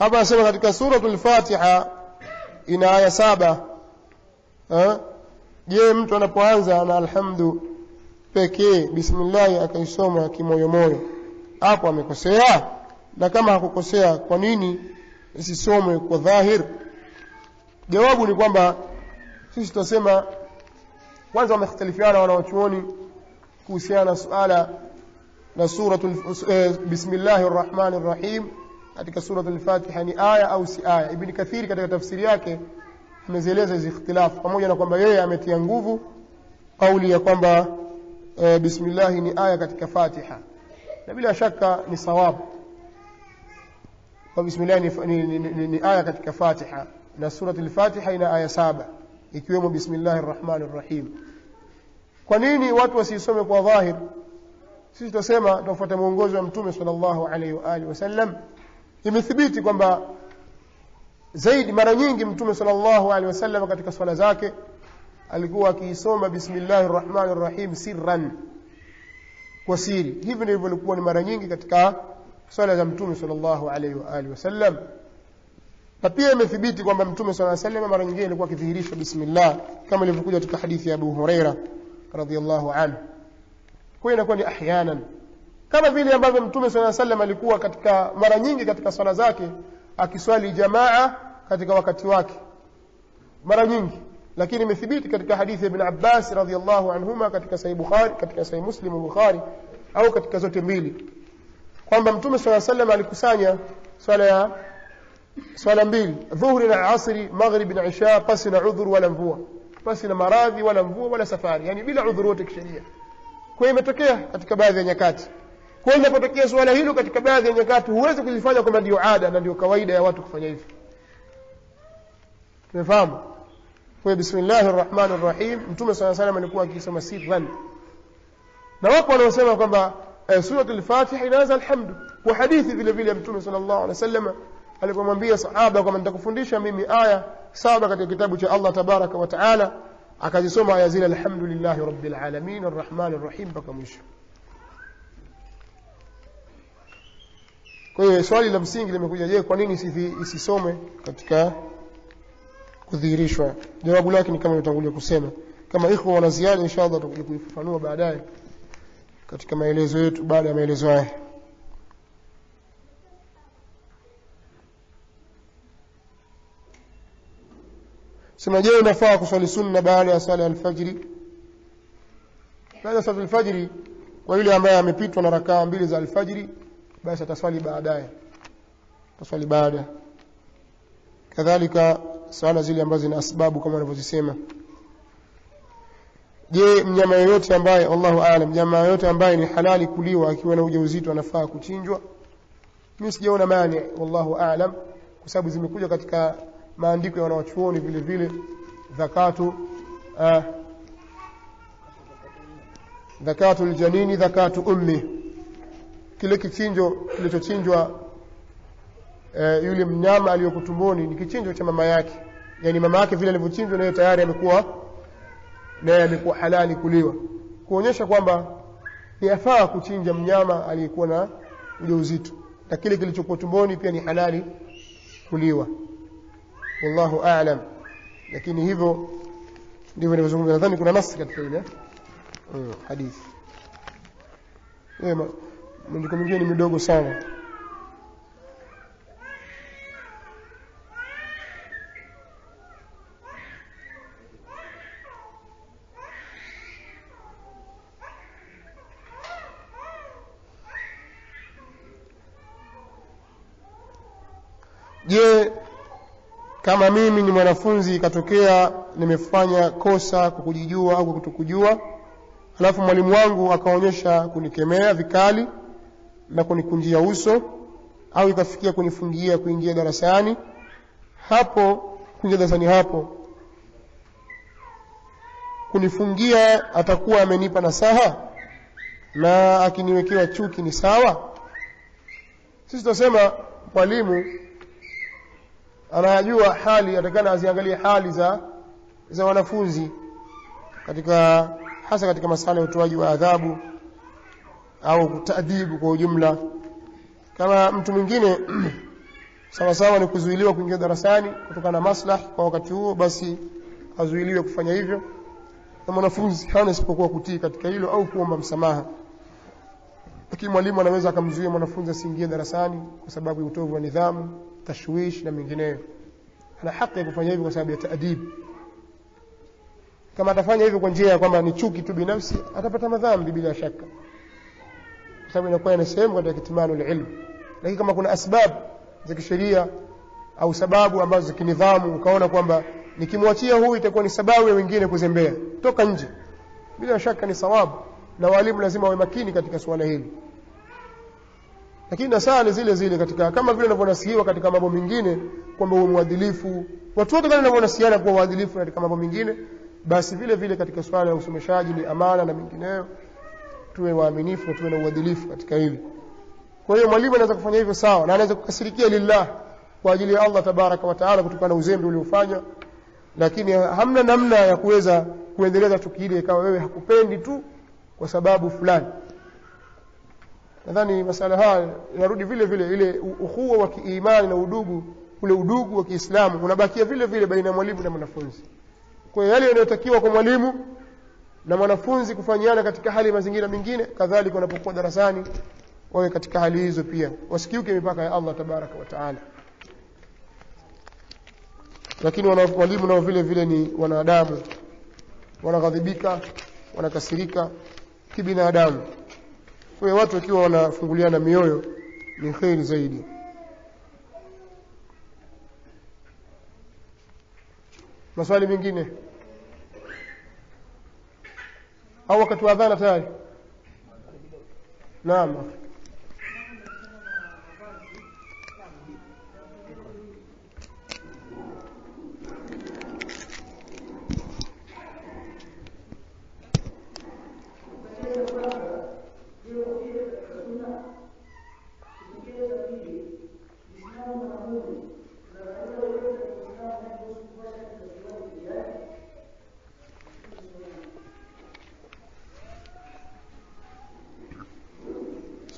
Hapa anasema katika suratul Fatiha ina aya saba. Je, mtu anapoanza na alhamdu pekee bismillah akaisoma kimoyomoyo, hapo amekosea? Na kama hakukosea, kwa nini isisomwe kwa dhahir? Jawabu ni kwamba sisi tutasema kwanza, wamekhtalifiana wanawachuoni kuhusiana na suala la suratul eh, bismillahir rahmanir rahim katika suratul Fatiha ni aya au si aya. ibni Kathiri katika tafsiri yake amezieleza hizi ikhtilafu, pamoja na kwamba yeye ametia nguvu kauli ya kwamba e, bismillah ni aya katika Fatiha, na bila shaka ni sawabu kwa ni, ni, ni, ni, ni aya katika Fatiha na suratul lfatiha ina aya saba ikiwemo bismillahi rahmani rahim. Kwa nini watu wasiisome kwa dhahir? Sisi tutasema tunafuata mwongozo wa Mtume sallallahu alaihi wa alihi wasallam wa imethibiti kwamba zaidi mara nyingi mtume sallallahu alaihi wasallam katika swala zake alikuwa akiisoma bismillahi rahmani rahim sirran kwa siri hivi ndivyo ilikuwa ni mara nyingi katika swala za mtume sallallahu alaihi wa alihi wasallam na pia imethibiti kwamba mtume sallallahu alaihi wasallam mara nyingine alikuwa akidhihirisha bismillah kama ilivyokuja katika hadithi ya Abu Huraira radhiyallahu anhu kwa inakuwa ni ahyanan kama vile ambavyo mtume sala sallam alikuwa katika mara nyingi katika swala zake akiswali jamaa katika wakati wake mara nyingi lakini imethibiti katika hadithi ya Ibn Abbas radhiallahu anhuma katika sahih Bukhari katika sahih Muslim Bukhari au katika zote mbili kwamba mtume sala sallam alikusanya swala ya swala mbili dhuhri na asri maghrib na isha pasi na udhuru wala mvua pasi na maradhi wala mvua wala safari yani bila udhuru wote kisheria kwa imetokea katika baadhi ya nyakati kwa linapotokea suala hilo katika baadhi ya nyakati huwezi kuzifanya kwamba ndio ada na ndio kawaida ya watu kufanya hivi tumefahamu kwa bismillahi rahmani rahim mtume saa salam alikuwa akisoma sirran na wapo wanaosema kwamba eh, surat inaanza alhamdu kwa hadithi vile vile ya mtume sal llahu alehi wa sallama alipomwambia sahaba kwamba nitakufundisha mimi aya saba katika kitabu cha allah tabaraka wa taala akazisoma aya zile alhamdulillahi rabilalamin arrahmani rrahim mpaka mwisho Kwa hiyo swali la msingi limekuja, je, kwa nini isisome katika kudhihirishwa? Jawabu lake ni kama nitangulia kusema. Kama iko wana ziada, inshallah tutakuja kuifafanua baadaye katika maelezo yetu, baada ya maelezo haya. Sema, je, inafaa kuswali sunna baada ya sala alfajiri? Baada ya sala alfajiri, kwa yule ambaye amepitwa na rakaa mbili za alfajiri basi ataswali baadaye ataswali baada kadhalika swala zile ambazo zina asbabu kama wanavyozisema je mnyama yoyote ambaye Allahu aalam mnyama yoyote ambaye ni halali kuliwa akiwa na ujauzito anafaa kuchinjwa mimi sijaona mani wallahu aalam kwa sababu zimekuja katika maandiko ya wanawachuoni vile vile zakatu uh, zakatu aljanini zakatu ummi kile kichinjo kilichochinjwa e, yule mnyama aliyoko tumboni ni kichinjo cha mama yake yani mama yake vile alivyochinjwa naye tayari amekuwa naye amekuwa halali kuliwa kuonyesha kwamba ni afaa kuchinja mnyama aliyekuwa na ujauzito na kile kilichokuwa tumboni pia ni halali kuliwa wallahu aalam lakini hivyo ndivyo ninavyozungumza nadhani kuna nasi katika ile eh, hadithi miondoko mingine ni midogo sana je kama mimi ni mwanafunzi ikatokea nimefanya kosa kwa kujijua au kwa kutokujua alafu mwalimu wangu akaonyesha kunikemea vikali na kunikunjia uso au ikafikia kunifungia kuingia darasani hapo kuingia darasani hapo kunifungia atakuwa amenipa nasaha na akiniwekewa chuki ni sawa sisi tunasema mwalimu anajua hali atakana aziangalie hali za za wanafunzi katika hasa katika masala ya utoaji wa adhabu au taadhibu kwa ujumla. Kama mtu mwingine sawasawa ni kuzuiliwa kuingia darasani kutokana na maslahi kwa wakati huo, basi azuiliwe kufanya hivyo, na mwanafunzi hana isipokuwa kutii katika hilo au kuomba msamaha. Lakini mwalimu anaweza akamzuia mwanafunzi asiingie darasani kwa sababu ya utovu wa nidhamu, tashwishi na mingineyo Ana haki ya kufanya hivyo kwa sababu ya taadibu. Kama atafanya hivyo kwa njia ya kwamba ni chuki tu binafsi, atapata madhambi bila shaka kwa sababu inakuwa ni sehemu katika kitimanu ilmu. Lakini kama kuna asbab za kisheria au sababu ambazo za kinidhamu, ukaona kwamba nikimwachia huyu itakuwa ni sababu ya wengine kuzembea, toka nje, bila shaka ni sawabu, na walimu lazima wawe makini katika suala hili. Lakini nasaha ni zile zile katika kama vile unavyonasihiwa katika mambo mengine kwamba uwe mwadilifu, watu wote kama unavyonasihiana kuwa waadilifu katika mambo mengine, basi vile vile katika swala ya usomeshaji ni amana na mengineyo tuwe waaminifu na tuwe na uadilifu katika hili. Kwa hiyo mwalimu anaweza kufanya hivyo sawa, na anaweza kukasirikia lillah, kwa ajili ya Allah tabaraka wa taala, kutokana na uzembe uliofanya, lakini hamna namna ya kuweza kuendeleza chuki ile ikawa wewe hakupendi tu kwa sababu fulani. Nadhani masala haya inarudi vile vile ile ukhuwa wa kiimani na udugu, ule udugu wa Kiislamu unabakia vile vile baina ya mwalimu na mwanafunzi. Kwa hiyo yale yanayotakiwa kwa mwalimu na mwanafunzi kufanyiana katika hali mazingira mengine kadhalika wanapokuwa darasani wawe katika hali hizo pia wasikiuke mipaka ya Allah tabaraka wa taala lakini walimu nao vile vile ni wanadamu wanaghadhibika wanakasirika kibinadamu kwa watu wakiwa wanafunguliana mioyo ni kheri zaidi maswali mengine أو وقت وأذان ثاني نعم أخي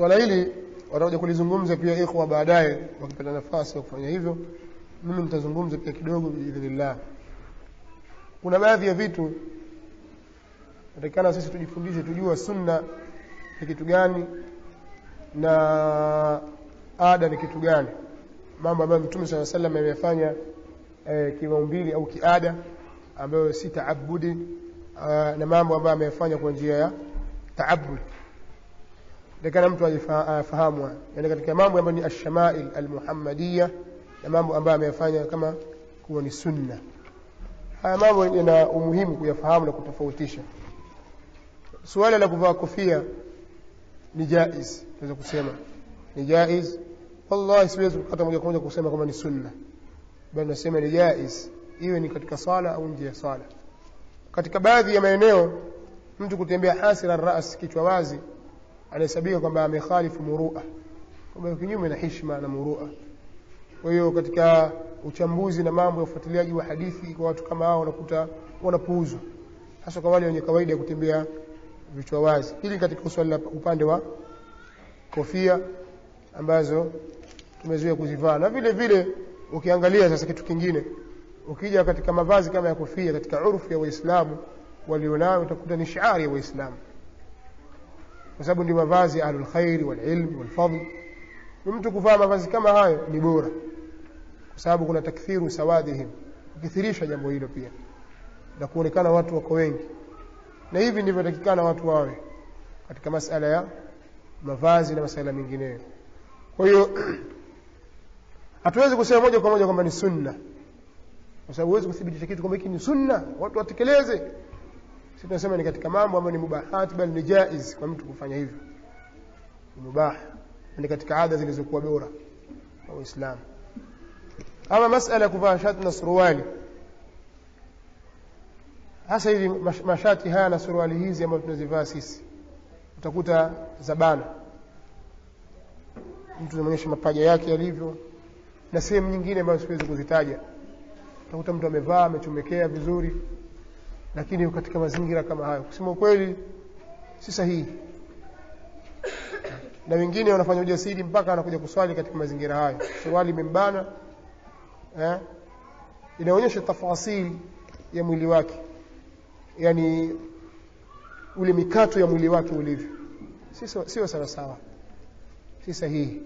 Swala hili watakuja kulizungumza pia ikhwa baadaye, wakipata nafasi ya kufanya hivyo. Mimi nitazungumza pia kidogo biidhnillah. Kuna baadhi ya vitu natakikana sisi tujifundishe, tujua sunna ni kitu gani na ada ni kitu gani, mambo ambayo Mtume saa salam amefanya eh, kimaumbili au kiada, ambayo si taabudi eh, na mambo ambayo amefanya kwa njia ya taabudi dekana mtu afahamwa yani katika mambo ambayo ni ashamail almuhammadia na mambo ambayo ameyafanya kama kuwa ni sunna haya mambo yana umuhimu kuyafahamu na kutofautisha suala la kuvaa kofia ni jaiz naweza kusema ni jaiz wallahi siwezi hata moja kwa moja kusema kwamba ni sunna bali nasema ni jaiz iwe ni katika sala au nje ya sala katika baadhi ya maeneo mtu kutembea hasira ras kichwa wazi anahesabika kwamba amekhalifu murua, kwamba kinyume na hishma na murua. Kwa hiyo katika uchambuzi na mambo ya ufuatiliaji wa hadithi kwa watu kama hao wanakuta wanapuuzwa, hasa kwa wale wenye kawaida ya kutembea vichwa wazi. Hili katika swali la upande wa kofia ambazo tumezuia kuzivaa, na vile vile ukiangalia sasa kitu kingine, ukija katika mavazi kama ya kofia, katika urfu ya Waislamu walionayo utakuta ni shiari ya Waislamu kwa sababu ndio mavazi ya ahlul khairi wal wal fadl. Ni mtu kuvaa mavazi kama hayo ni bora, kwa sababu kuna takthiru sawadihim, ukithirisha jambo hilo pia na kuonekana watu wako wengi, na hivi ndivyo takikana watu wawe katika masala ya mavazi na masala mengineyo. Kwa hiyo hatuwezi kusema moja kwa moja kwamba ni sunna, kwa sababu huwezi kuthibitisha kitu kwamba hiki ni sunna, watu watekeleze si tunasema ni katika mambo ambayo ni mubahat, bali ni jaiz kwa mtu kufanya hivyo, ni mubah, ni katika ada zilizokuwa bora kwa Uislamu. Ama masala ya kuvaa shati na suruali, hasa hivi mashati haya na suruali hizi ambazo tunazivaa sisi, utakuta zabana, mtu anaonyesha mapaja yake yalivyo, na sehemu nyingine ambazo siwezi kuzitaja, utakuta mtu amevaa amechomekea vizuri lakini katika mazingira kama hayo kusema kweli si sahihi na wengine wanafanya ujasiri mpaka anakuja kuswali katika mazingira hayo suruali imembana eh? inaonyesha tafasili ya mwili wake yani ule mikato ya mwili wake ulivyo sio sawasawa si sahihi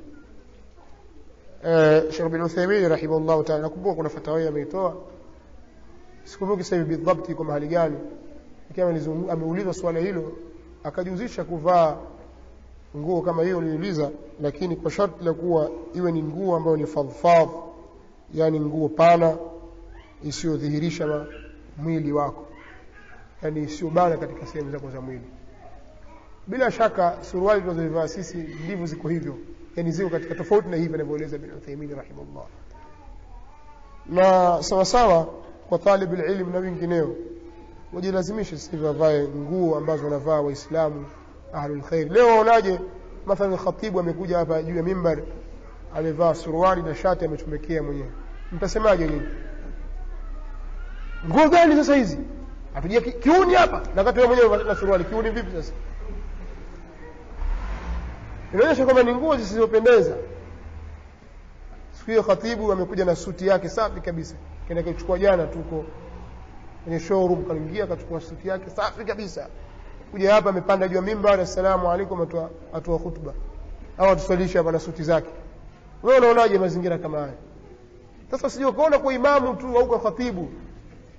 eh, Sheikh bin Uthaymeen rahimahullah ta'ala nakumbuka kuna fatawa ameitoa sikumbuki sasa hivi bidhabti kwa mahali gani ikiwa ameuliza swala hilo akajihusisha kuvaa nguo kama hiyo uliuliza lakini kwa sharti la kuwa iwe ni nguo ambayo ni fadhfadh yani nguo pana isiyodhihirisha mwili wako yani isiyobana katika sehemu zako za mwili bila shaka suruali tunazovaa sisi ndivyo ziko hivyo yani ziko katika tofauti na hivi anavyoeleza bin Uthaymeen rahimahullah na sawasawa kwa talib ilm na wengineo, wajilazimishe sasa hivi nguo ambazo wanavaa Waislamu ahlul khair. Leo waonaje, mathalan khatibu amekuja hapa juu ya mimbar, amevaa suruali na shati amechomekea mwenyewe, mtasemaje nini Nguo gani sasa hizi? Atuja kiuni hapa na kati wewe mwenyewe na suruali, kiuni vipi sasa? Inaonyesha kwamba ni nguo zisizopendeza. Siku hiyo khatibu amekuja na suti yake safi kabisa kenda kichukua jana tuko kwenye showroom, kaingia kachukua suti yake safi kabisa, kuja hapa amepanda juu ya mimbar, assalamu alaikum, atoa atoa hutuba au atusalisha hapa na suti zake. Wewe unaonaje mazingira kama haya? Sasa sio kuona kwa imamu tu au kwa khatibu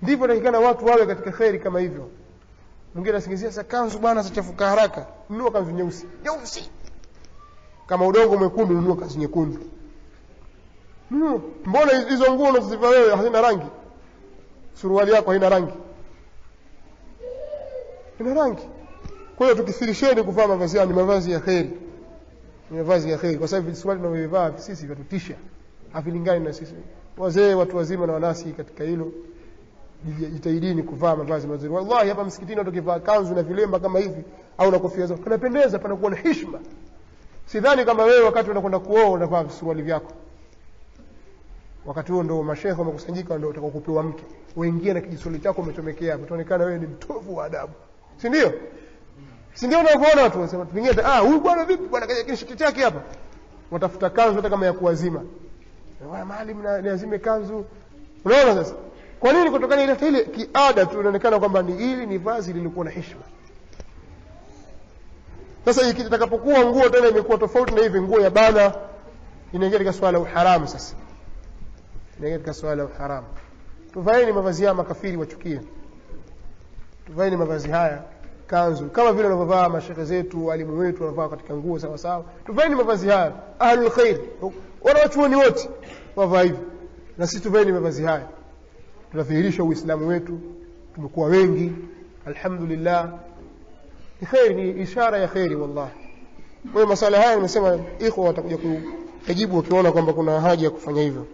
ndivyo nakikana watu wawe katika khairi kama hivyo. Mwingine asingizia sasa, kanzu bwana zachafuka haraka, nunua kanzu nyeusi nyeusi, kama udongo mwekundu, nunua kanzu nyekundu Hmm, mbona hizo nguo unazozivaa wewe hazina rangi? Suruali yako haina rangi, ina rangi. Kwa hiyo tukifirisheni kuvaa mavazi yani mavazi ya kheri, ni mavazi ya kheri, kwa sababu hizo suruali tunavyovivaa sisi vyatutisha, havilingani na sisi wazee, watu wazima na wanasi. Katika hilo jitahidini kuvaa mavazi mazuri. Wallahi hapa msikitini watu kivaa kanzu na vilemba kama hivi au na kofia zao, panapendeza, panakuwa na heshima. Sidhani kama wewe wakati unakwenda kuoa unavaa suruali vyako wakati huo ndo mashehe wamekusanyika, ndo utakao kupewa mke, uingie na kijisuli chako umechomekea, utaonekana wewe ni mtovu wa adabu, si ndio? Si ndio unavyoona watu wanasema tupingie ah, huyu bwana vipi bwana, kaja kinishiti chake hapa, watafuta kanzu hata kama ya kuwazima wala mali na niazime kanzu. Unaona sasa, kwa nini? Kutokana ile ile kiada tu inaonekana kwamba ni hili ni vazi lilikuwa na heshima. Sasa ikitakapokuwa nguo tena imekuwa tofauti na hivi, nguo ya bana inaingia katika swala uharamu sasa ni katika swala la uharamu. Tuvaeni mavazi ya makafiri wachukie, tuvaeni mavazi haya kanzu, kama vile wanavyovaa mashehe zetu, walimu wetu wanavaa katika nguo sawa sawa. Tuvaeni mavazi haya, ahlul khair, wanawachuoni wote wavaa hivi na sisi tuvaeni mavazi haya. Tunadhihirisha Uislamu wetu, tumekuwa wengi, alhamdulillah. Ni kheri, ni ishara ya kheri, wallahi. Kwa hiyo masala haya nimesema, ikhwa watakuja kujibu wakiona kwamba kuna haja ya kufanya hivyo.